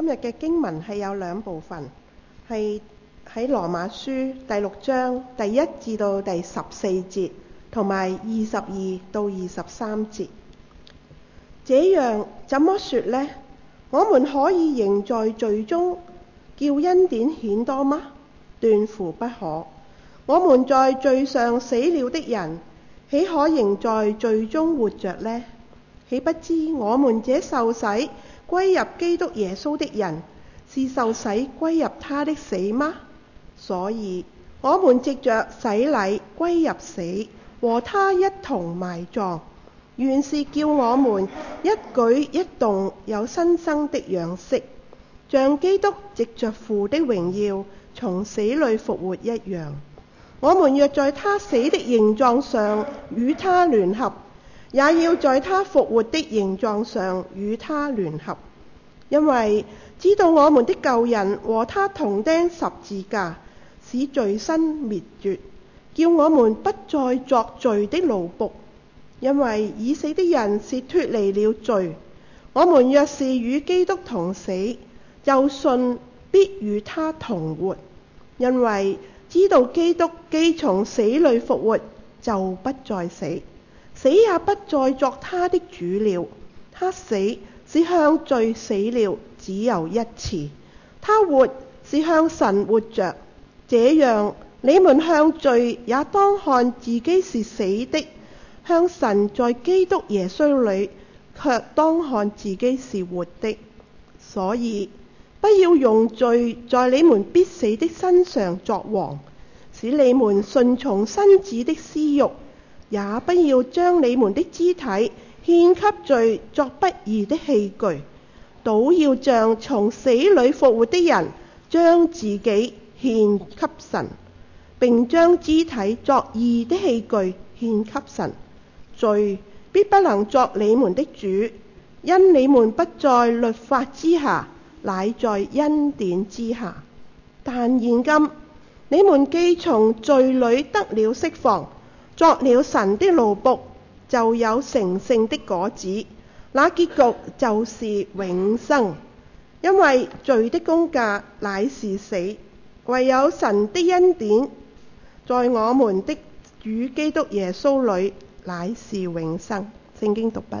今日嘅經文係有兩部分，係喺羅馬書第六章第一至到第十四節，同埋二十二到二十三節。這樣怎麼說呢？我們可以仍在罪中，叫恩典顯多嗎？斷乎不可！我們在罪上死了的人，豈可仍在罪中活着呢？豈不知我們這受洗歸入基督耶穌的人是受洗歸入他的死嗎？所以，我們藉着洗禮歸入死，和他一同埋葬，原是叫我們一舉一動有新生的樣式，像基督藉着父的榮耀從死裏復活一樣。我們若在他死的形狀上與他聯合，也要在他復活的形狀上與他聯合，因為知道我們的舊人和他同釘十字架，使罪身滅絕，叫我們不再作罪的奴僕。因為已死的人是脫離了罪，我們若是與基督同死，就信必與他同活。因為知道基督既從死裏復活，就不再死。死也不再作他的主了。他死是向罪死了，只有一次；他活是向神活着。這樣，你們向罪也當看自己是死的，向神在基督耶穌裏卻當看自己是活的。所以，不要用罪在你們必死的身上作王，使你們順從身子的私慾。也不要將你們的肢體獻給罪作不義的器具，倒要像從死裏復活的人，將自己獻給神，並將肢體作義的器具獻給神。罪必不能作你們的主，因你們不在律法之下，乃在恩典之下。但現今你們既從罪裏得了釋放，作了神的奴僕，就有成聖的果子，那結局就是永生。因為罪的工價乃是死，唯有神的恩典在我們的主基督耶穌裏，乃是永生。聖經讀畢。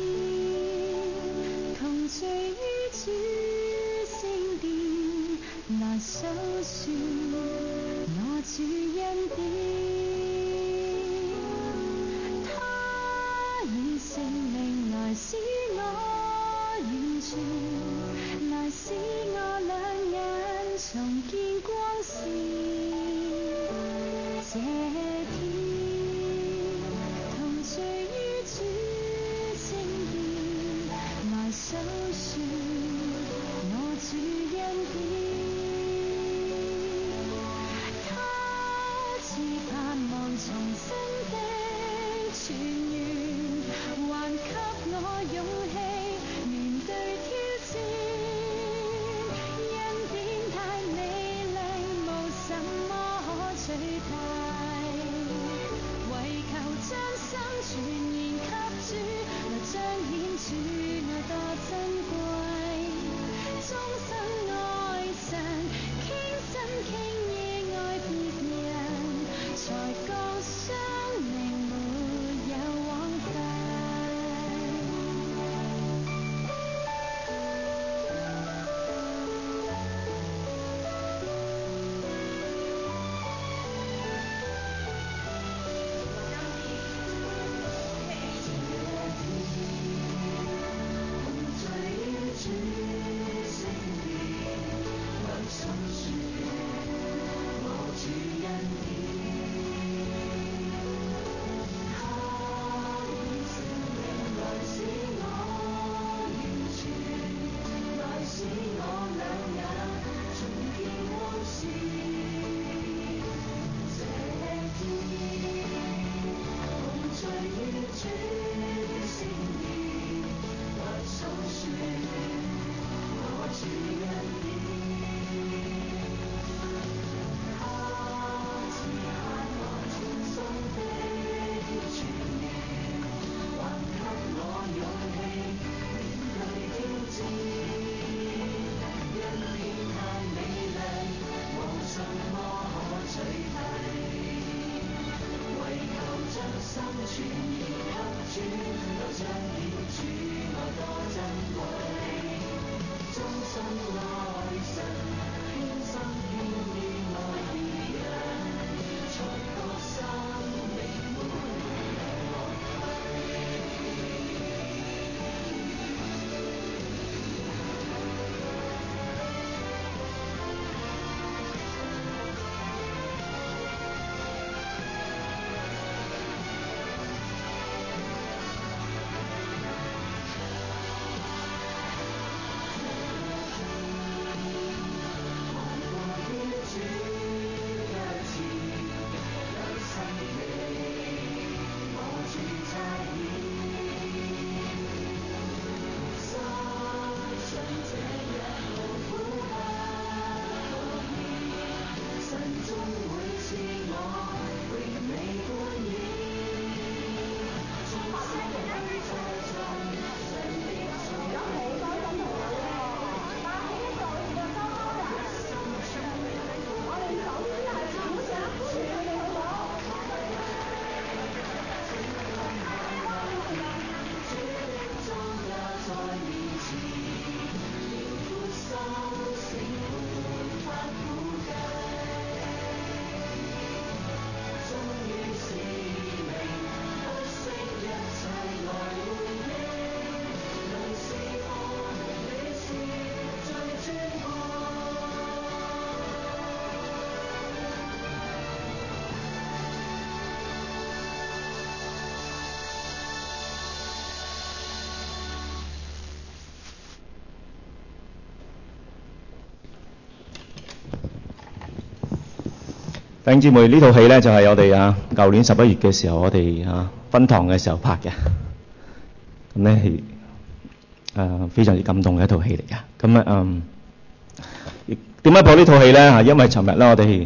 兄弟姐妹，呢套戲咧就係我哋啊，舊年十一月嘅時候，我哋啊分堂嘅時候拍嘅。咁咧係啊，非常之感動嘅一套戲嚟㗎。咁啊，嗯，點解播呢套戲咧？嚇，因為尋日咧，我哋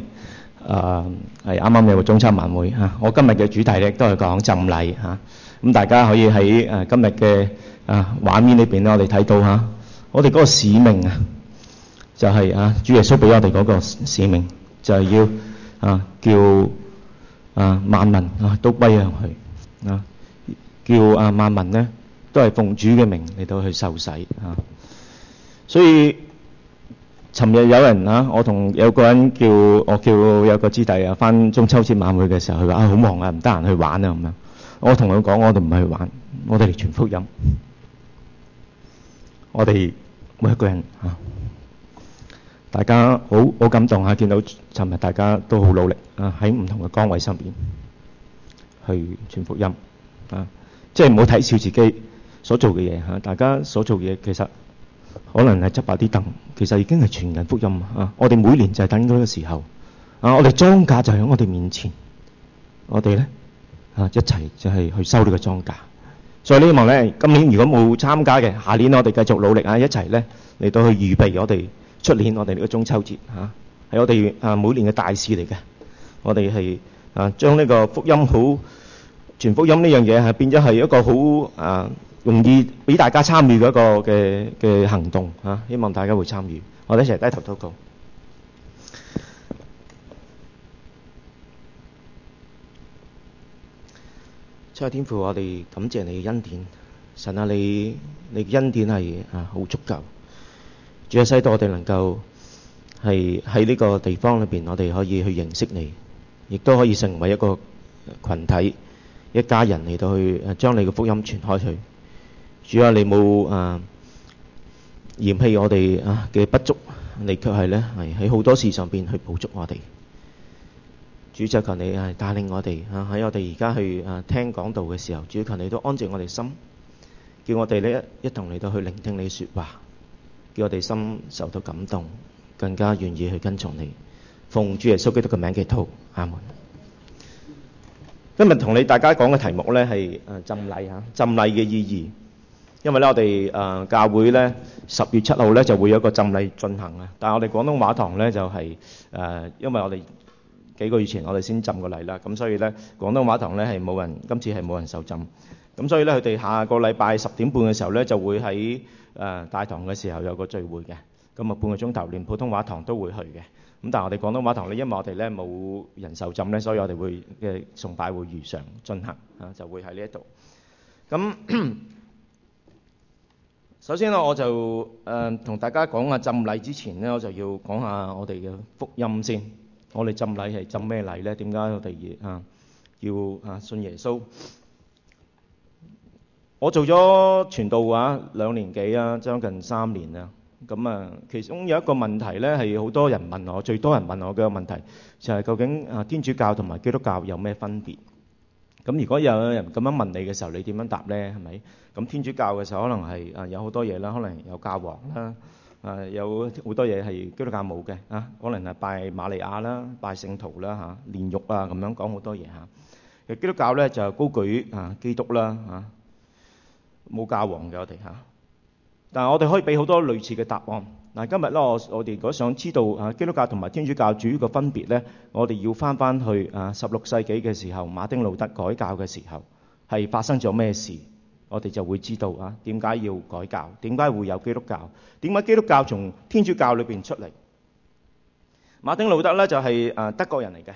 啊係啱啱有個中秋晚會嚇。我今日嘅主題咧都係講浸禮嚇。咁大家可以喺誒今日嘅啊畫面裏邊咧，我哋睇到嚇，我哋嗰個使命啊，就係啊主耶穌俾我哋嗰個使命，就係要。啊，叫啊萬民啊都歸向佢啊，叫啊萬民咧都係奉主嘅名嚟到去受洗啊。所以尋日有人啊，我同有個人叫我叫有個師弟啊，翻中秋節晚會嘅時候，佢話啊好、啊、忙啊，唔得閒去玩啊咁樣、啊。我同佢講，我哋唔係去玩，我哋嚟傳福音，我哋每一個人啊。大家好好感動嚇，見到尋日大家都好努力啊！喺唔同嘅崗位身邊去傳福音啊，即係唔好睇小自己所做嘅嘢嚇。大家所做嘅嘢其實可能係執下啲凳，其實已經係傳人福音啊！我哋每年就係等嗰個時候啊，我哋莊稼就喺我哋面前，我哋咧啊一齊就係去收呢個莊稼。所以希望咧，今年如果冇參加嘅，下年我哋繼續努力啊，一齊咧嚟到去預備我哋。出年我哋呢個中秋節嚇，係我哋啊每年嘅大事嚟嘅。我哋係啊將呢個福音好全福音呢樣嘢係變咗係一個好啊容易俾大家參與嘅一個嘅嘅行動嚇，希望大家會參與。我哋一齊低頭禱告，天父，我哋感謝你嘅恩典，神啊，你你嘅恩典係啊好足夠。主要使到，我哋能夠係喺呢個地方裏邊，我哋可以去認識你，亦都可以成為一個群體、一家人嚟，到去將你嘅福音傳開去。主啊，你冇啊嫌棄我哋啊嘅不足，你卻係咧係喺好多事上邊去補足我哋。主就求你係帶領我哋啊喺我哋而家去啊聽講道嘅時候，主要求你都安靜我哋心，叫我哋咧一同嚟到去聆聽你說話。叫我哋心受到感動，更加願意去跟從你，奉主耶穌基督嘅名祈禱，阿門。今日同你大家講嘅題目咧係誒浸禮啊，浸禮嘅意義。因為咧我哋誒教會咧十月七號咧就會有個浸禮進行啊，但係我哋廣東話堂咧就係誒，因為我哋幾個月前我哋先浸過禮啦，咁所以咧廣東話堂咧係冇人，今次係冇人受浸。咁所以咧佢哋下個禮拜十點半嘅時候咧就會喺，誒大堂嘅時候有個聚會嘅，咁啊半個鐘頭連普通話堂都會去嘅，咁但係我哋廣東話堂咧，因為我哋咧冇人受浸咧，所以我哋會嘅崇拜會如常進行，啊就會喺呢一度。咁首先咧，我就誒同大家講下浸禮之前咧，我就要講下我哋嘅福音先。我哋浸禮係浸咩禮咧？點解我哋啊要啊信耶穌？我做咗傳道啊兩年幾啦，將近三年啦。咁啊，其中有一個問題呢，係好多人問我，最多人問我嘅問題就係究竟啊，天主教同埋基督教有咩分別？咁如果有有人咁樣問你嘅時候，你點樣答呢？係咪？咁天主教嘅時候可能係啊，有好多嘢啦，可能有教皇啦，啊有好多嘢係基督教冇嘅啊，可能係拜馬利亞啦、拜聖徒啦嚇、煉獄啊咁樣講好多嘢嚇。其實基督教呢就高舉啊基督啦嚇。冇教皇嘅我哋吓，但係我哋可以俾好多類似嘅答案。嗱、啊，今日咧，我我哋如果想知道啊，基督教同埋天主教主個分別咧，我哋要翻翻去啊，十六世紀嘅時候，馬丁路德改教嘅時候係發生咗咩事，我哋就會知道啊，點解要改教，點解會有基督教，點解基督教從天主教裏邊出嚟？馬丁路德咧就係、是、誒、啊、德國人嚟嘅，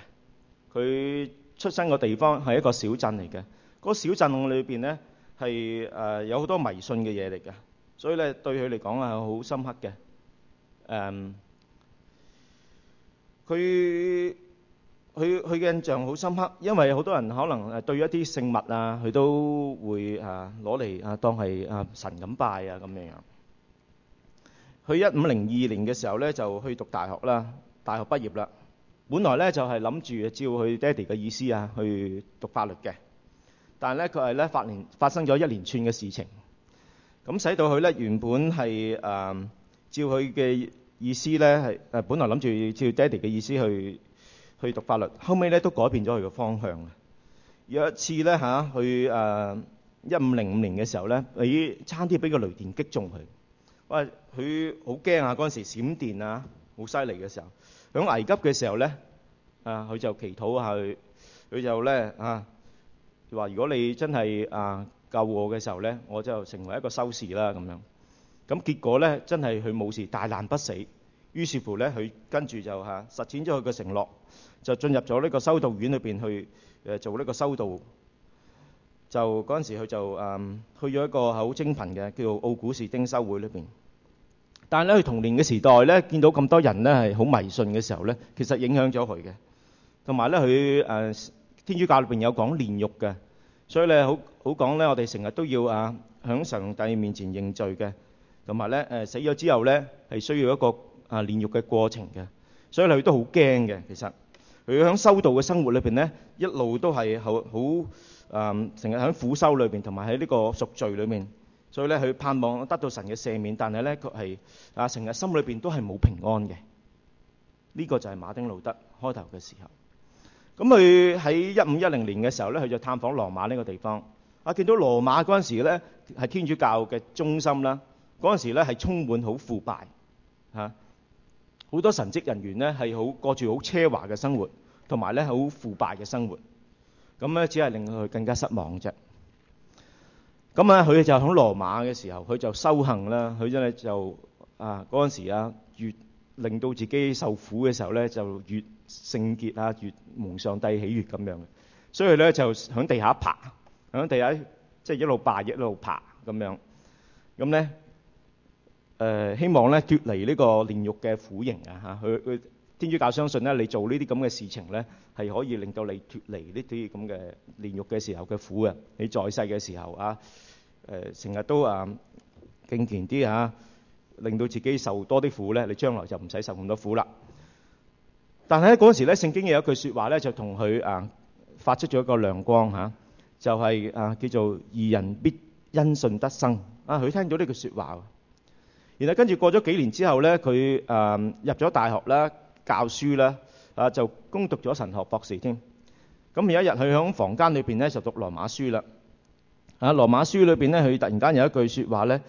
佢出生個地方係一個小鎮嚟嘅，嗰、那個、小鎮裏邊咧。係誒有好多迷信嘅嘢嚟㗎，所以咧對佢嚟講係好深刻嘅。誒，佢佢佢嘅印象好深刻，因為好多人可能誒對一啲聖物啊，佢都會啊攞嚟啊當係啊神咁拜啊咁樣樣。佢一五零二年嘅時候咧就去讀大學啦，大學畢業啦，本來咧就係諗住照佢爹哋嘅意思啊去讀法律嘅。但係咧，佢係咧發年發生咗一連串嘅事情，咁使到佢咧原本係誒、呃、照佢嘅意思咧係誒本來諗住照爹地嘅意思去去讀法律，後尾咧都改變咗佢嘅方向。有一次咧嚇，佢誒一五零五年嘅時候咧，咦，差啲俾個雷電擊中佢。哇，佢好驚啊！嗰陣時閃電啊，好犀利嘅時候，響危急嘅時候咧，啊，佢就祈禱下佢，佢就咧啊。佢話：如果你真係啊救我嘅時候咧，我就成為一個修士啦咁樣。咁結果咧，真係佢冇事，大難不死。於是乎咧，佢跟住就嚇實踐咗佢嘅承諾，就進入咗呢個修道院裏邊去誒做呢個修道。就嗰陣時，佢就誒去咗一個係好清貧嘅，叫做奧古斯丁修會裏邊。但係咧，佢童年嘅時代咧，見到咁多人咧係好迷信嘅時候咧，其實影響咗佢嘅。同埋咧，佢誒。天主教裏邊有講煉獄嘅，所以咧好好講咧，我哋成日都要啊喺上帝面前認罪嘅，同埋咧誒死咗之後咧係需要一個啊煉獄嘅過程嘅，所以佢都好驚嘅。其實佢喺修道嘅生活裏邊咧，一路都係好好誒成日喺苦修裏邊，同埋喺呢個贖罪裏面，所以咧佢盼望得到神嘅赦免，但係咧佢係啊成日心裏邊都係冇平安嘅。呢個就係馬丁路德開頭嘅時候。咁佢喺一五一零年嘅時候咧，佢就探訪羅馬呢個地方。啊，見到羅馬嗰陣時咧，係天主教嘅中心啦。嗰陣時咧係充滿好腐敗嚇，好多神職人員咧係好過住好奢華嘅生活，同埋咧好腐敗嘅生活。咁咧只係令佢更加失望啫。咁啊，佢就喺羅馬嘅時候，佢就修行啦。佢真係就啊嗰陣時啊，越。令到自己受苦嘅時候咧，就越聖潔啊，越蒙上帝喜悅咁樣。所以咧，就響地下爬，響地下即係一路拜一路爬咁樣。咁咧，誒希望咧脫離呢個煉獄嘅苦刑啊！嚇，佢佢天主教相信咧，你做呢啲咁嘅事情咧，係可以令到你脫離呢啲咁嘅煉獄嘅時候嘅苦啊。你在世嘅時候啊，誒成日都啊敬虔啲啊。令到自己受多啲苦咧，你將來就唔使受咁多苦啦。但係嗰陣時咧，聖經又有一句說話咧，就同佢啊發出咗一個亮光吓，就係啊叫做義人必因信得生。啊，佢聽到呢句說話，然後跟住過咗幾年之後咧，佢啊入咗大學啦，教書啦，啊就攻讀咗神學博士添。咁有一日佢響房間裏邊咧就讀羅馬書啦。啊，羅馬書裏邊咧佢突然間有一句說話咧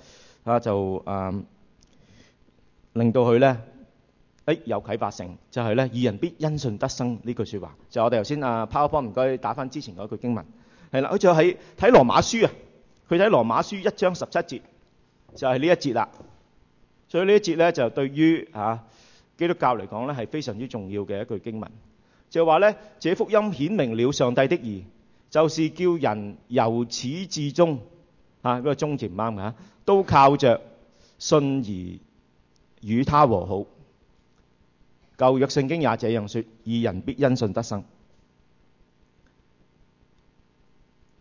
啊就啊。令到佢呢，誒、哎、有啟發性，就係、是、呢，義人必因信得生呢句説話。就我哋頭先啊、uh,，PowerPoint 唔該打返之前嗰句經文，係啦，好似喺睇羅馬書啊，佢睇羅馬書一章十七節，就係、是、呢一節啦。所以呢一節呢，就對於啊基督教嚟講呢，係非常之重要嘅一句經文，就話呢：「這福音顯明了上帝的義，就是叫人由始至終啊嗰、這個終字唔啱嘅，都靠着信而。與他和好。舊約聖經也這樣說，義人必因信得生。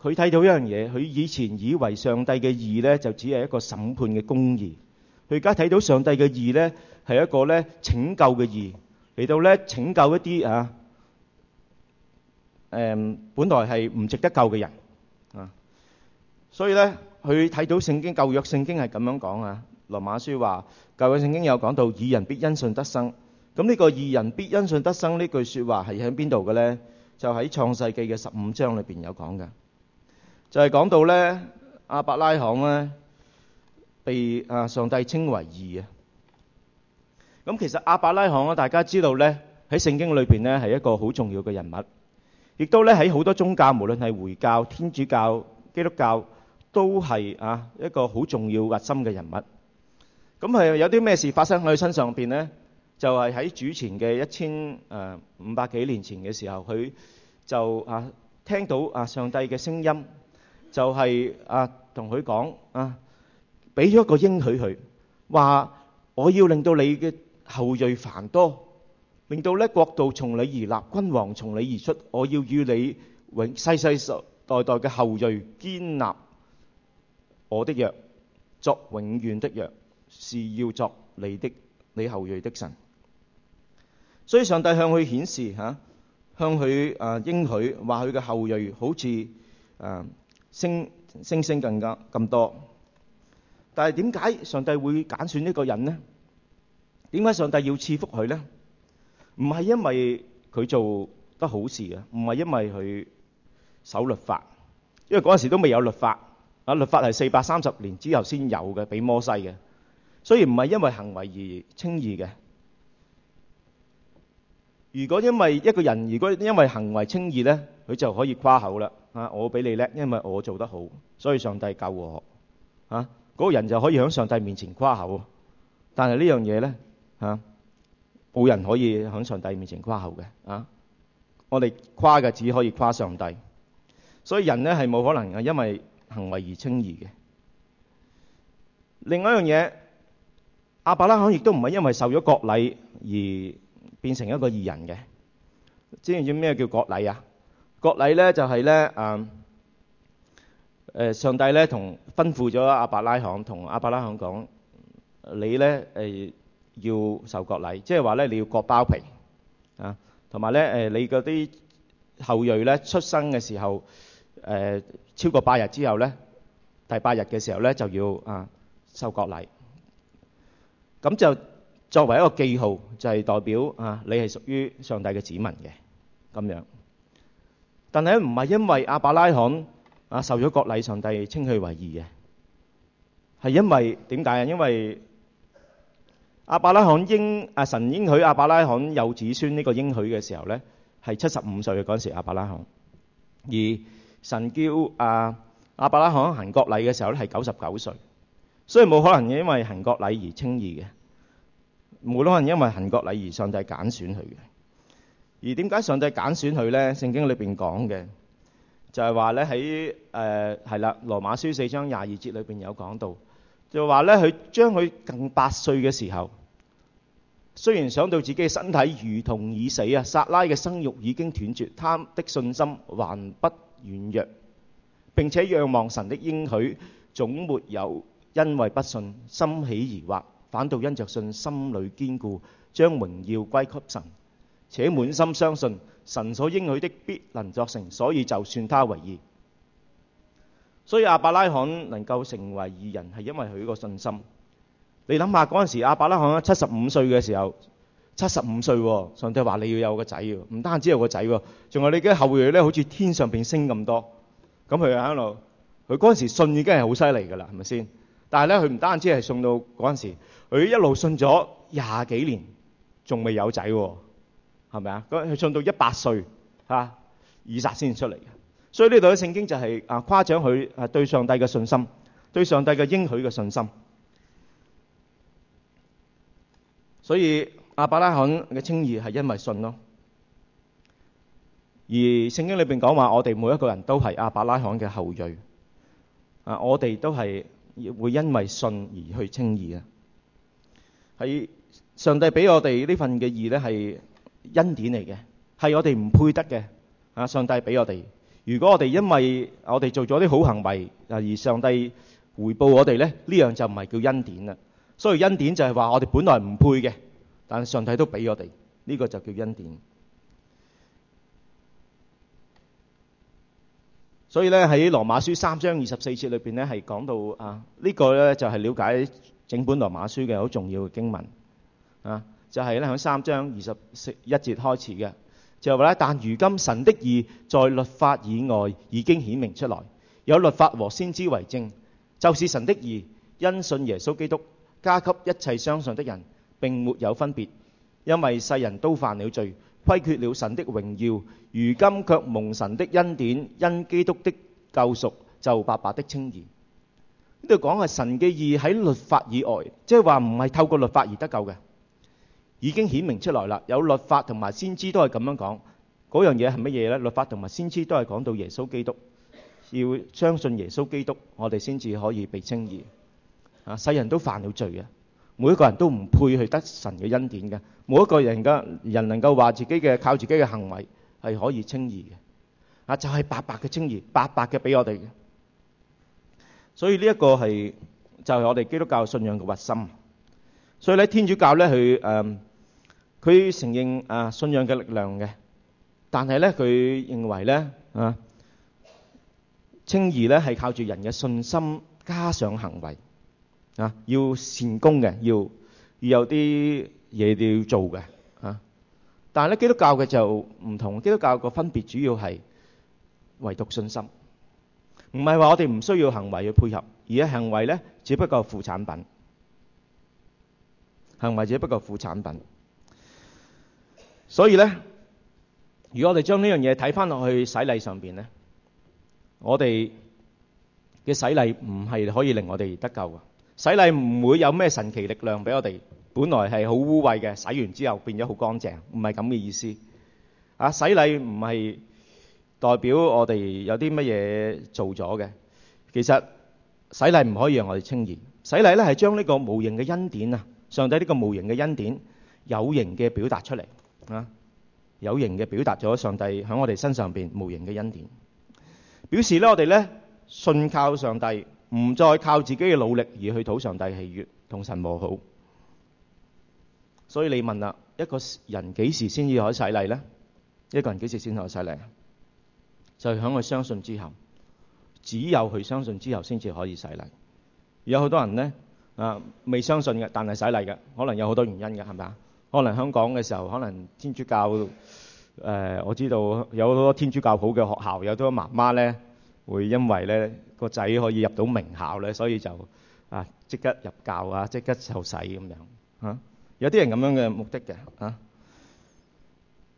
佢睇到一樣嘢，佢以前以為上帝嘅義呢就只係一個審判嘅公義，佢而家睇到上帝嘅義呢係一個呢拯救嘅義，嚟到呢拯救一啲啊誒、呃、本來係唔值得救嘅人啊。所以呢，佢睇到聖經，舊約聖經係咁樣講啊，羅馬書話。教會聖經有講到義人必因信得生，咁呢個義人必因信得生呢句説話係喺邊度嘅呢？就喺創世記嘅十五章裏邊有講嘅，就係講到呢阿伯拉罕呢被啊上帝稱為義啊。咁其實阿伯拉罕啊，大家知道呢喺聖經裏邊呢係一個好重要嘅人物，亦都呢喺好多宗教，無論係回教、天主教、基督教，都係啊一個好重要核心嘅人物。咁係有啲咩事發生喺佢身上邊呢？就係喺主前嘅一千誒五百幾年前嘅時候，佢就啊聽到啊上帝嘅聲音，就係啊同佢講啊，俾咗一個應許佢，話我要令到你嘅後裔繁多，令到呢國度從你而立，君王從你而出，我要與你永世世代代嘅後裔堅立我的約，作永遠的約。是要作你的你後裔的神，所以上帝向佢顯示吓，向佢啊、呃、應許話佢嘅後裔好似啊、呃、星星星更加咁多，但係點解上帝會揀選一個人呢？點解上帝要賜福佢呢？唔係因為佢做得好事啊，唔係因為佢守律法，因為嗰陣時都未有律法啊，律法係四百三十年之後先有嘅，俾摩西嘅。所以唔係因為行為而輕易嘅。如果因為一個人，如果因為行為輕易呢，佢就可以誇口啦。啊，我比你叻，因為我做得好，所以上帝救我。啊，嗰個人就可以喺上帝面前誇口。但係呢樣嘢呢，啊，冇人可以喺上帝面前誇口嘅。啊，我哋誇嘅只可以誇上帝。所以人呢係冇可能嘅，因為行為而輕易嘅。另外一樣嘢。阿伯拉罕亦都唔係因為受咗割禮而變成一個義人嘅。知唔知咩叫割禮啊？割禮咧就係咧啊，誒上帝咧同吩咐咗阿伯拉罕同阿伯拉罕講，你咧誒要受割禮，即係話咧你要割包皮啊，同埋咧誒你嗰啲後裔咧出生嘅時候誒超過八日之後咧，第八日嘅時候咧就要啊受割禮。咁就作為一個記號，就係代表啊，你係屬於上帝嘅子民嘅咁樣。但係唔係因為亞伯拉罕啊受咗國禮，上帝稱佢為義嘅，係因為點解啊？因為亞伯拉罕應啊神應許亞伯拉罕有子孫呢個應許嘅時候呢，係七十五歲嘅嗰時亞伯拉罕，而神叫啊亞伯拉罕行國禮嘅時候呢，係九十九歲。所以冇可能因為行國禮而稱義嘅，冇可能因為行國禮而上帝揀選佢嘅。而點解上帝揀選佢呢？聖經裏邊講嘅就係、是、話呢喺誒係啦，呃《羅馬書》四章廿二節裏邊有講到，就話呢，佢將佢近八歲嘅時候，雖然想到自己嘅身體如同已死啊，撒拉嘅生育已經斷絕，他的信心還不軟弱，並且仰望神的應許總沒有。因為不信，心起疑惑，反倒因着信，心裏堅固，將榮耀歸給神，且滿心相信神所應許的必能作成，所以就算他為義。所以亞伯拉罕能夠成為義人，係因為佢個信心。你諗下嗰陣時，亞伯拉罕七十五歲嘅時候，七十五歲，上帝話你要有個仔，唔單止有個仔，仲，有你嘅後裔呢，好似天上邊星咁多。咁佢喺度，佢嗰陣時信已經係好犀利㗎喇，係咪先？但係咧，佢唔單止係送到嗰陣時，佢一路信咗廿幾年，仲未有仔喎，係咪啊？佢信到一百歲，吓，以撒先出嚟嘅。所以呢度嘅聖經就係啊，誇獎佢啊對上帝嘅信心，對上帝嘅應許嘅信心。所以亞伯拉罕嘅稱義係因為信咯。而聖經裏邊講話，我哋每一個人都係亞伯拉罕嘅後裔啊，我哋都係。會因為信而去稱義啊！係上帝俾我哋呢份嘅義咧，係恩典嚟嘅，係我哋唔配得嘅啊！上帝俾我哋。如果我哋因為我哋做咗啲好行為，而上帝回報我哋呢，呢樣就唔係叫恩典啦。所以恩典就係話我哋本來唔配嘅，但上帝都俾我哋，呢個就叫恩典。所以咧喺《羅馬書》三章二十四節裏邊呢，係講到啊呢個呢，就係了解整本《羅馬書》嘅好重要嘅經文啊，就係咧喺三章二十一節開始嘅，就話咧但如今神的義在律法以外已經顯明出來，有律法和先知為證，就是神的義因信耶穌基督加給一切相信的人，並沒有分別，因為世人都犯了罪。虧缺了神的榮耀，如今卻蒙神的恩典，因基督的救贖就白白的稱義。呢度講係神嘅義喺律法以外，即係話唔係透過律法而得救嘅，已經顯明出來啦。有律法同埋先知都係咁樣講，嗰樣嘢係乜嘢呢？律法同埋先知都係講到耶穌基督，要相信耶穌基督，我哋先至可以被稱義。世人都犯了罪嘅。每一個人都唔配去得神嘅恩典嘅，每一個人嘅人能夠話自己嘅靠自己嘅行為係可以稱義嘅，啊就係白白嘅稱義，白白嘅俾我哋嘅。所以呢一個係就係我哋基督教信仰嘅核心。所以咧，天主教咧，佢誒佢承認啊信仰嘅力量嘅，但係咧佢認為咧啊稱義咧係靠住人嘅信心加上行為。啊！要善功嘅，要要有啲嘢都要做嘅啊！但係咧，基督教嘅就唔同，基督教嘅分別主要係唯獨信心，唔係話我哋唔需要行為去配合，而家行為咧只不過副產品，行為只不過副產品。所以咧，如果我哋將呢樣嘢睇翻落去洗禮上邊咧，我哋嘅洗禮唔係可以令我哋得救嘅。洗禮唔會有咩神奇力量俾我哋，本來係好污穢嘅，洗完之後變咗好乾淨，唔係咁嘅意思。啊，洗禮唔係代表我哋有啲乜嘢做咗嘅，其實洗禮唔可以讓我哋清潔。洗禮咧係將呢個無形嘅恩典啊，上帝呢個無形嘅恩典有形嘅表達出嚟啊，有形嘅表達咗上帝響我哋身上邊無形嘅恩典，表示咧我哋咧信靠上帝。唔再靠自己嘅努力而去討上帝喜悅同神和好，所以你問啦，一個人幾時先至可以洗禮呢？一個人幾時先可以洗禮？就就響佢相信之後，只有佢相信之後先至可以洗禮。有好多人呢，啊，未相信嘅，但係洗禮嘅，可能有好多原因嘅，係咪啊？可能香港嘅時候，可能天主教誒、呃，我知道有好多天主教好嘅學校，有好多媽媽呢，會因為呢。個仔可以入到名校咧，所以就啊即刻入教啊，即刻受洗咁樣啊。有啲人咁樣嘅目的嘅啊。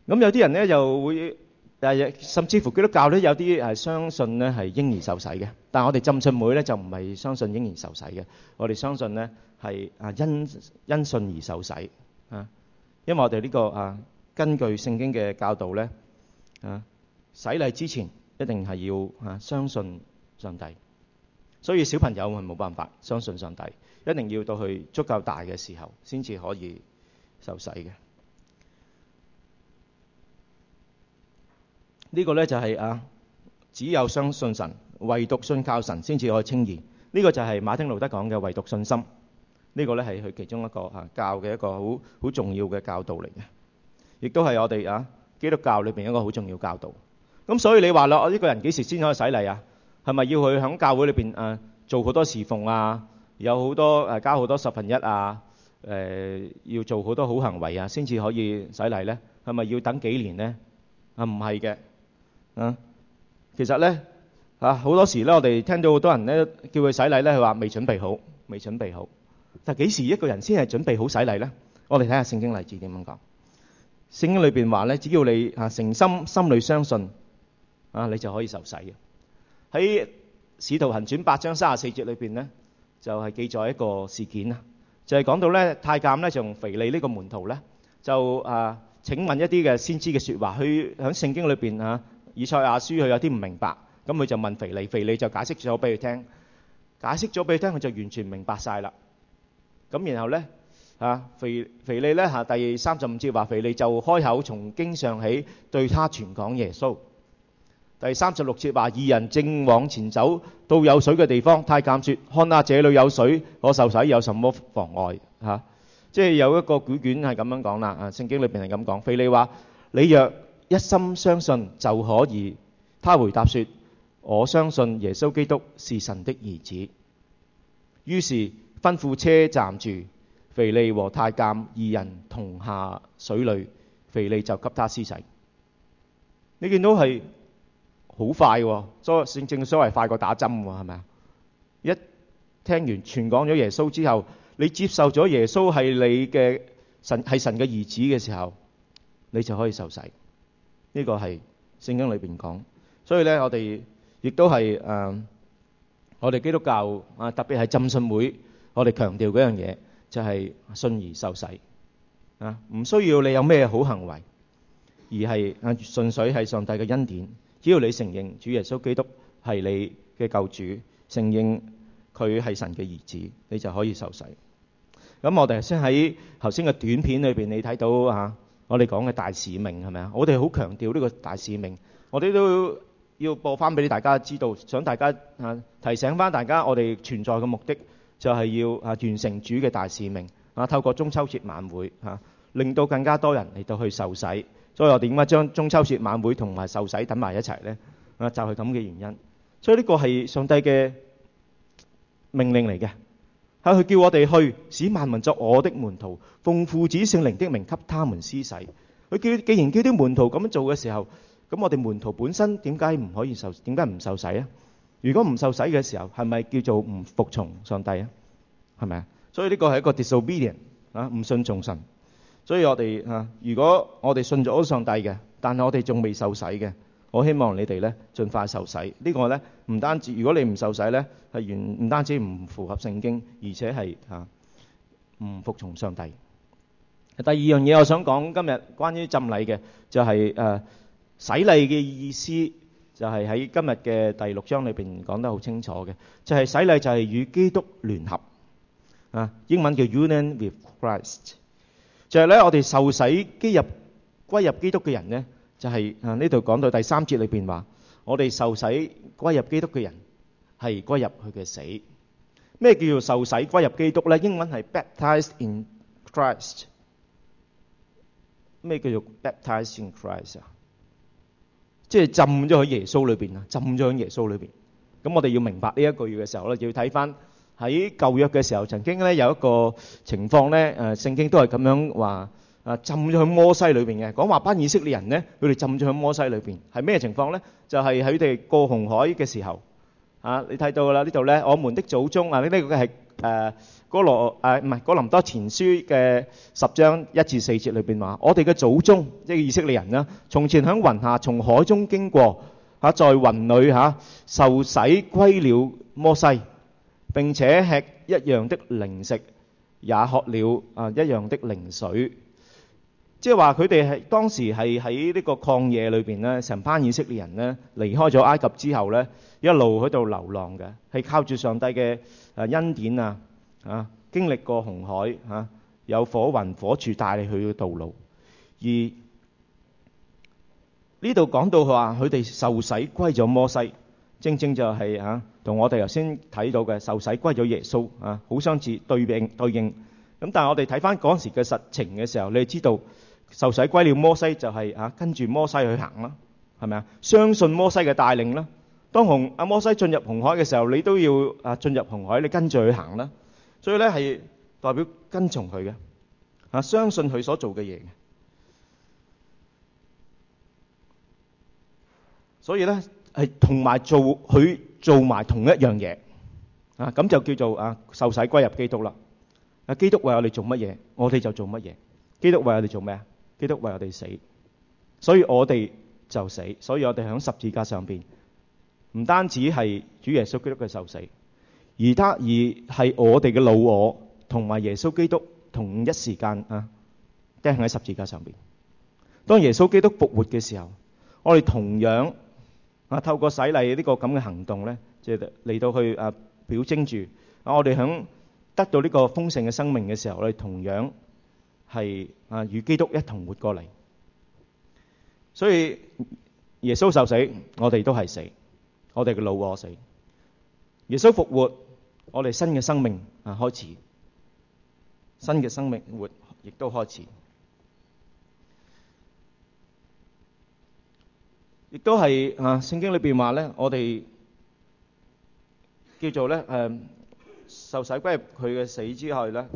咁有啲人咧就會啊，甚至乎基督教咧有啲係相信咧係嬰兒受洗嘅。但係我哋浸信會咧就唔係相信嬰兒受洗嘅。我哋相信咧係啊因因信而受洗啊。因為我哋呢個啊根據聖經嘅教導咧啊，洗禮之前一定係要啊相信上帝，所以小朋友係冇辦法相信上帝，一定要到佢足夠大嘅時候，先至可以受洗嘅。呢、這個呢就係、是、啊，只有相信神，唯獨信靠神，先至可以稱義。呢、這個就係馬丁路德講嘅唯獨信心。呢、這個呢係佢其中一個啊教嘅一個好好重要嘅教導嚟嘅，亦都係我哋啊基督教裏邊一個好重要教導。咁所以你話啦，我、這、呢個人幾時先可以洗禮啊？係咪要去喺教會裏邊啊，做好多侍奉啊，有好多誒加好多十分一啊，誒要做好多好行為啊，先至可以洗禮咧？係咪要等幾年咧？啊，唔係嘅，啊，其實咧啊，好多時咧，我哋聽到好多人咧叫佢洗禮咧，佢話未準備好，未準備好。但幾時一個人先係準備好洗禮咧？我哋睇下聖經例子點樣講。聖經裏邊話咧，只要你啊誠心心裏相信啊，你就可以受洗嘅。喺《使徒行傳》八章三十四節裏邊呢，就係記載一個事件啦，就係講到咧太監咧，就用肥利呢個門徒呢，就啊請問一啲嘅先知嘅説話，佢喺聖經裏邊啊以賽亞書佢有啲唔明白，咁佢就問肥利，肥利就解釋咗俾佢聽，解釋咗俾佢聽，佢就完全明白晒啦。咁然後呢，啊肥肥利咧嚇第三十五節話，肥利就開口從經上起對他傳講耶穌。第三十六節話：二人正往前走，到有水嘅地方，太監説：看下這裏有水，我受洗有什麼妨礙？嚇、啊，即係有一個古卷係咁樣講啦。啊，聖經裏邊係咁講。腓利話：你若一心相信就可以。他回答説：我相信耶穌基督是神的兒子。於是吩咐車站住，腓利和太監二人同下水裏，腓利就給他施洗。你見到係？好快喎、哦，正正所謂快過打針喎、哦，係咪啊？一聽完傳講咗耶穌之後，你接受咗耶穌係你嘅神係神嘅兒子嘅時候，你就可以受洗。呢、這個係聖經裏邊講，所以咧，我哋亦都係誒、呃，我哋基督教啊、呃，特別係浸信會，我哋強調嗰樣嘢就係、是、信而受洗啊，唔、呃、需要你有咩好行為，而係啊，純、呃、粹係上帝嘅恩典。只要你承認主耶穌基督係你嘅救主，承認佢係神嘅兒子，你就可以受洗。咁我哋先喺頭先嘅短片裏邊，你睇到啊，我哋講嘅大使命係咪啊？我哋好強調呢個大使命，我哋都要播翻俾大家知道，想大家啊提醒翻大家，我哋存在嘅目的就係、是、要啊完成主嘅大使命啊，透過中秋節晚會啊，令到更加多人嚟到去受洗。所以我點解將中秋節晚會同埋受洗等埋一齊呢？啊，就係咁嘅原因。所以呢個係上帝嘅命令嚟嘅，係佢叫我哋去使萬民作我的門徒，奉父子聖靈的名給他們施洗。佢叫，既然叫啲門徒咁樣做嘅時候，咁我哋門徒本身點解唔可以受？點解唔受洗啊？如果唔受洗嘅時候，係咪叫做唔服從上帝啊？係咪啊？所以呢個係一個 disobedient 啊，唔順從神。所以我哋啊，如果我哋信咗上帝嘅，但係我哋仲未受洗嘅，我希望你哋咧，盡快受洗。呢個咧，唔單止，如果你唔受洗咧，係完，唔單止唔符合聖經，而且係啊，唔服從上帝。第二樣嘢我想講今日關於浸禮嘅，就係誒洗禮嘅意思，就係喺今日嘅第六章裏邊講得好清楚嘅，就係洗禮就係與基督聯合啊，英文叫 Union with Christ。就係咧，我哋受洗歸入歸入基督嘅人咧，就係啊呢度講到第三節裏邊話，我哋受洗歸入基督嘅人係歸入佢嘅死。咩叫做受洗歸入基督咧？英文係 baptized in Christ。咩叫做 baptized in Christ 啊？即係浸咗喺耶穌裏邊啊！浸咗喺耶穌裏邊。咁我哋要明白呢一句嘅時候咧，就要睇翻。喺舊約嘅時候，曾經咧有一個情況咧，誒聖經都係咁樣話，誒浸咗喺摩西裏邊嘅，講話班以色列人咧，佢哋浸咗喺摩西裏邊，係咩情況咧？就係喺佢哋過紅海嘅時候，啊，你睇到噶啦，呢度咧，我們的祖宗啊，呢呢個係誒哥羅，誒唔係哥林多前書嘅十章一至四節裏邊話，我哋嘅祖宗即係以色列人啦，從前喺雲下從海中經過，嚇，在雲裏嚇受洗歸了摩西。並且吃一樣的靈食，也喝了啊一樣的靈水。即係話，佢哋係當時係喺呢個曠野裏邊呢，成班以色列人咧離開咗埃及之後呢，一路喺度流浪嘅，係靠住上帝嘅恩典啊啊，經歷過紅海啊，有火雲火柱帶你去嘅道路。而呢度講到佢話佢哋受洗歸咗摩西。正正就係啊，同我哋頭先睇到嘅受洗歸咗耶穌啊，好相似對應，對應。咁但係我哋睇翻嗰陣時嘅實情嘅時候，你知道受洗歸了摩西就係啊跟住摩西去行啦，係咪啊？相信摩西嘅帶領啦。當紅阿摩西進入紅海嘅時候，你都要啊進入紅海，你跟住去行啦。所以咧係代表跟從佢嘅啊，相信佢所做嘅嘢嘅。所以咧。係同埋做佢做埋同一樣嘢啊！咁就叫做啊受洗歸入基督啦。啊，基督為我哋做乜嘢，我哋就做乜嘢。基督為我哋做咩啊？基督為我哋死，所以我哋就死。所以我哋響十字架上邊，唔單止係主耶穌基督嘅受死，而他而係我哋嘅老我同埋耶穌基督同一時間啊釘喺十字架上邊。當耶穌基督復活嘅時候，我哋同樣。啊！透過洗禮呢個咁嘅行動咧，即係嚟到去啊表徵住啊，我哋響得到呢個豐盛嘅生命嘅時候，我哋同樣係啊與基督一同活過嚟。所以耶穌受死，我哋都係死，我哋嘅路老我死。耶穌復活，我哋新嘅生命啊開始，新嘅生命活亦都開始。亦都係啊，《聖經》裏邊話咧，我哋叫做咧誒、呃，受洗歸入佢嘅死之後咧，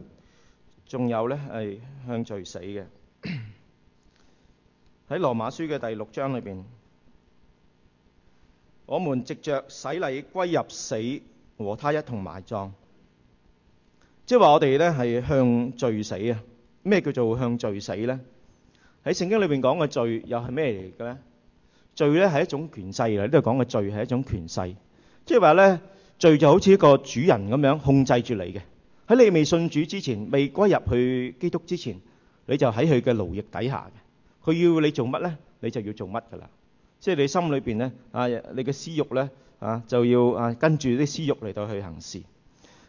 仲有咧係向罪死嘅。喺《 羅馬書》嘅第六章裏邊，我們藉着洗禮歸入死，和他一同埋葬。即係話我哋咧係向罪死啊！咩叫做向罪死咧？喺聖經裏邊講嘅罪又係咩嚟嘅咧？罪咧係一種權勢嚟，呢度講嘅罪係一種權勢，即係話咧，罪就好似一個主人咁樣控制住你嘅。喺你未信主之前，未歸入去基督之前，你就喺佢嘅奴役底下嘅。佢要你做乜咧，你就要做乜㗎喇。即係你心裏邊咧，啊，你嘅私慾咧，啊，就要啊跟住啲私慾嚟到去行事。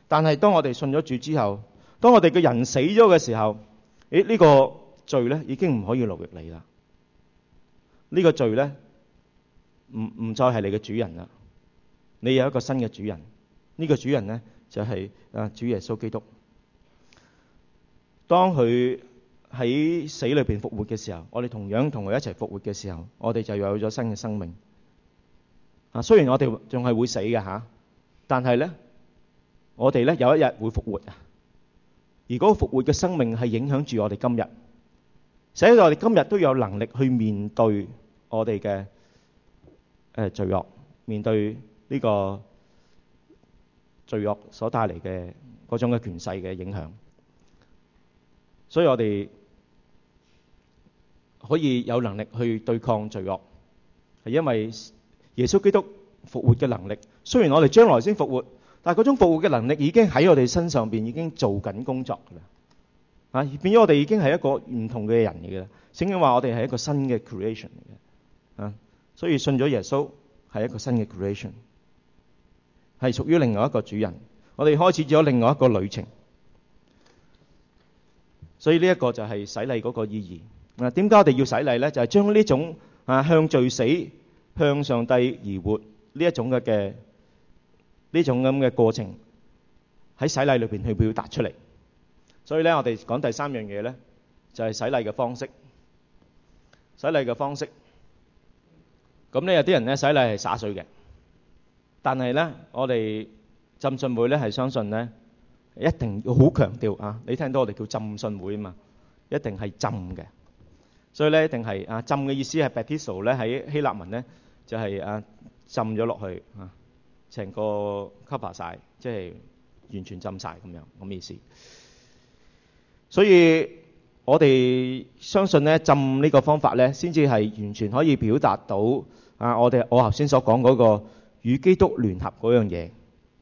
但係當我哋信咗主之後，當我哋嘅人死咗嘅時候，誒呢個罪咧已經唔可以奴役你啦。呢個罪咧。唔唔再係你嘅主人啦！你有一個新嘅主人，呢個主人呢，就係啊主耶穌基督。當佢喺死裏邊復活嘅時候，我哋同樣同佢一齊復活嘅時候，我哋就有咗新嘅生命。啊，雖然我哋仲係會死嘅吓、啊，但係呢，我哋呢有一日會復活啊！而嗰個復活嘅生命係影響住我哋今日，使到我哋今日都有能力去面對我哋嘅。誒、呃、罪惡，面對呢個罪惡所帶嚟嘅嗰種嘅權勢嘅影響，所以我哋可以有能力去對抗罪惡，係因為耶穌基督復活嘅能力。雖然我哋將來先復活，但係嗰種復活嘅能力已經喺我哋身上邊已經做緊工作㗎啦，啊，而變咗我哋已經係一個唔同嘅人嚟嘅啦。聖經話我哋係一個新嘅 creation 嚟嘅。所以信咗耶穌係一個新嘅 creation，係屬於另外一個主人。我哋開始咗另外一個旅程。所以呢一個就係洗禮嗰個意義。嗱、啊，點解我哋要洗禮咧？就係、是、將呢種啊向罪死、向上帝而活呢一種嘅嘅呢種咁嘅過程喺洗禮裏邊去表達出嚟。所以咧，我哋講第三樣嘢咧，就係、是、洗禮嘅方式。洗禮嘅方式。咁咧有啲人咧洗禮係灑水嘅，但係咧我哋浸信會咧係相信咧一定要好強調啊！你聽到我哋叫浸信會啊嘛，一定係浸嘅，所以咧一定係啊浸嘅意思係 baptizo 咧喺希臘文咧就係啊浸咗落去啊，成個 cover 曬，即係完全浸曬咁樣咁嘅意思。所以我哋相信咧浸呢個方法咧先至係完全可以表達到。啊！我哋我頭先所講嗰個與基督聯合嗰樣嘢，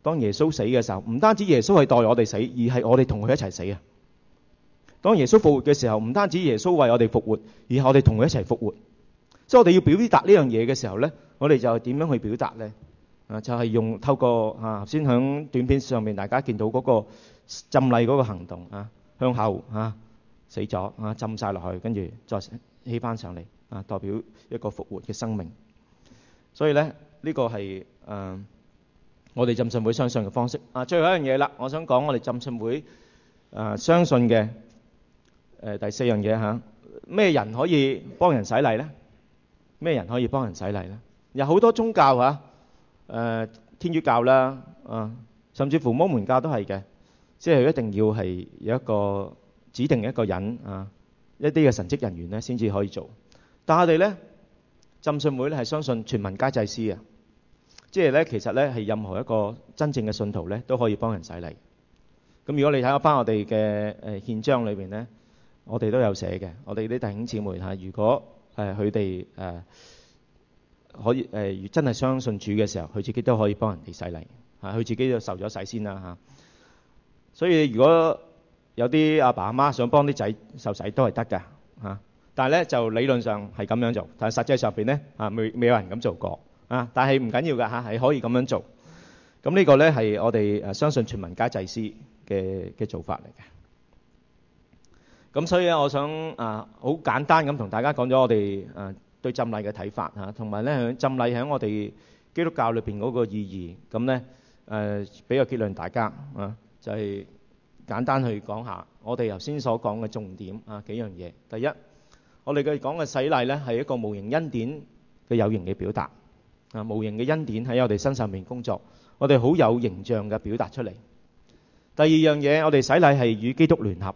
當耶穌死嘅時候，唔單止耶穌係代我哋死，而係我哋同佢一齊死啊！當耶穌復活嘅時候，唔單止耶穌為我哋復活，而係我哋同佢一齊復活。所以我，我哋要表達呢樣嘢嘅時候呢，我哋就點樣去表達呢？啊、就是，就係用透過啊，先響短片上面大家見到嗰個浸禮嗰個行動啊，向後啊，死咗啊，浸晒落去，跟住再起翻上嚟啊，代表一個復活嘅生命。所以咧，呢個係誒我哋浸信會相信嘅方式。啊，最後一樣嘢啦，我想講我哋浸信會誒相信嘅誒第四樣嘢嚇。咩人可以幫人洗禮咧？咩人可以幫人洗禮咧？有好多宗教嚇，誒天主教啦，啊，甚至乎摩門教都係嘅，即係一定要係有一個指定一個人啊，一啲嘅神職人員咧先至可以做。但係我哋咧，浸信會咧係相信全民皆祭司啊，即係咧其實咧係任何一個真正嘅信徒咧都可以幫人洗禮。咁如果你睇翻我哋嘅誒憲章裏邊咧，我哋都有寫嘅。我哋啲弟兄姊妹嚇、啊，如果誒佢哋誒可以誒、呃、真係相信主嘅時候，佢自己都可以幫人哋洗禮嚇，佢、啊、自己就受咗洗先啦嚇、啊。所以如果有啲阿爸阿媽想幫啲仔受洗都係得㗎嚇。啊。但係咧，就理論上係咁樣做，但係實際上邊咧嚇，未未有人咁做過啊！但係唔緊要㗎嚇，係可以咁樣做。咁呢個咧係我哋誒相信全民皆祭司嘅嘅做法嚟嘅。咁所以咧，我想啊，好簡單咁同大家講咗我哋誒對浸禮嘅睇法嚇，同埋咧浸禮喺我哋基督教裏邊嗰個意義。咁咧誒，俾個結論大家啊，就係簡單去講下我哋頭先所講嘅重點啊幾樣嘢。第一。我哋嘅講嘅洗禮呢，係一個無形恩典嘅有形嘅表達啊！無形嘅恩典喺我哋身上面工作，我哋好有形象嘅表達出嚟。第二樣嘢，我哋洗禮係與基督聯合，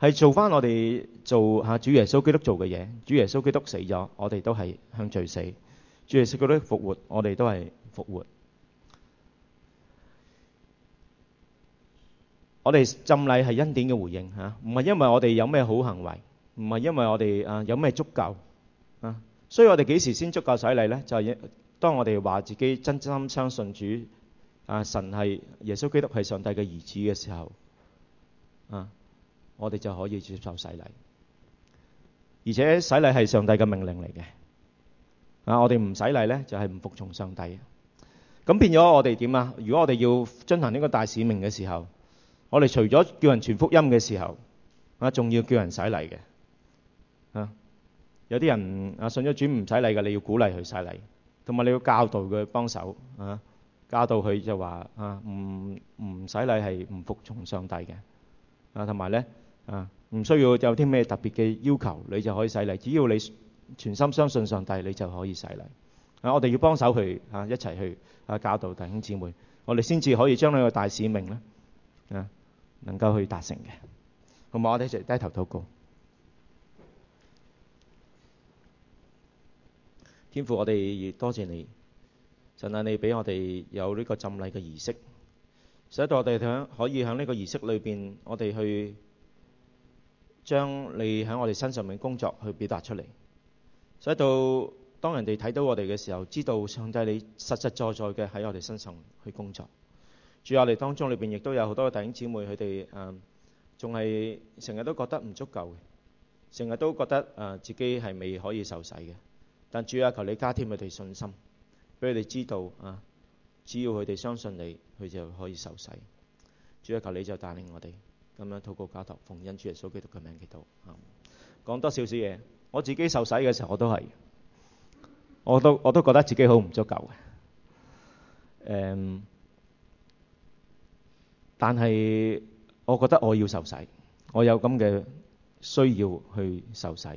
係做翻我哋做吓主耶穌基督做嘅嘢。主耶穌基督死咗，我哋都係向罪死；主耶穌基督復活，我哋都係復活。我哋浸禮係恩典嘅回應吓，唔係因為我哋有咩好行為。唔係因為我哋啊有咩足夠啊，所以我哋幾時先足夠洗禮呢？就係當我哋話自己真心相信主啊，神係耶穌基督係上帝嘅兒子嘅時候啊，我哋就可以接受洗禮。而且洗禮係上帝嘅命令嚟嘅啊，我哋唔洗禮呢，就係唔服從上帝。咁變咗我哋點啊？如果我哋要進行呢個大使命嘅時候，我哋除咗叫人傳福音嘅時候啊，仲要叫人洗禮嘅。有啲人啊信咗主唔使禮嘅，你要鼓勵佢使禮，同埋你要教導佢幫手啊，教導佢就話啊唔唔使禮係唔服從上帝嘅啊，同埋咧啊唔需要有啲咩特別嘅要求，你就可以使禮，只要你全心相信上帝，你就可以使禮啊。我哋要幫手佢啊一齊去啊教導弟兄姊妹，我哋先至可以將呢個大使命咧啊能夠去達成嘅。同埋我哋一齊低頭禱告。天父，我哋多謝你，神啊，你俾我哋有呢個浸禮嘅儀式，使到我哋響可以響呢個儀式裏邊，我哋去將你喺我哋身上面工作去表達出嚟，使到當人哋睇到我哋嘅時候，知道上帝你實實在在嘅喺我哋身上去工作。住我哋當中裏邊，亦都有好多弟兄姊妹，佢哋、呃、仲係成日都覺得唔足夠嘅，成日都覺得、呃、自己係未可以受洗嘅。但主啊，求你加添佢哋信心，俾佢哋知道啊，只要佢哋相信你，佢就可以受洗。主啊，求你就帶領我哋咁樣禱告教，教堂，奉恩主耶穌基督嘅名祈禱。嚇，講、嗯、多少少嘢，我自己受洗嘅時候，我都係，我都我都覺得自己好唔足夠嘅。誒、嗯，但係我覺得我要受洗，我有咁嘅需要去受洗，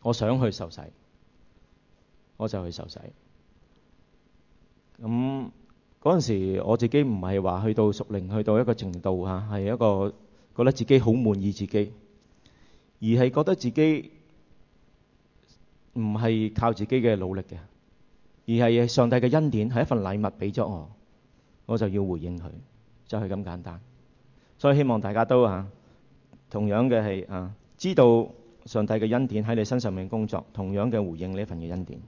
我想去受洗。我就去受洗。咁嗰陣時，我自己唔係話去到熟齡，去到一個程度嚇，係、啊、一個覺得自己好滿意自己，而係覺得自己唔係靠自己嘅努力嘅，而係上帝嘅恩典係一份禮物俾咗我，我就要回應佢，就係、是、咁簡單。所以希望大家都嚇、啊、同樣嘅係啊，知道上帝嘅恩典喺你身上面工作，同樣嘅回應呢份嘅恩典。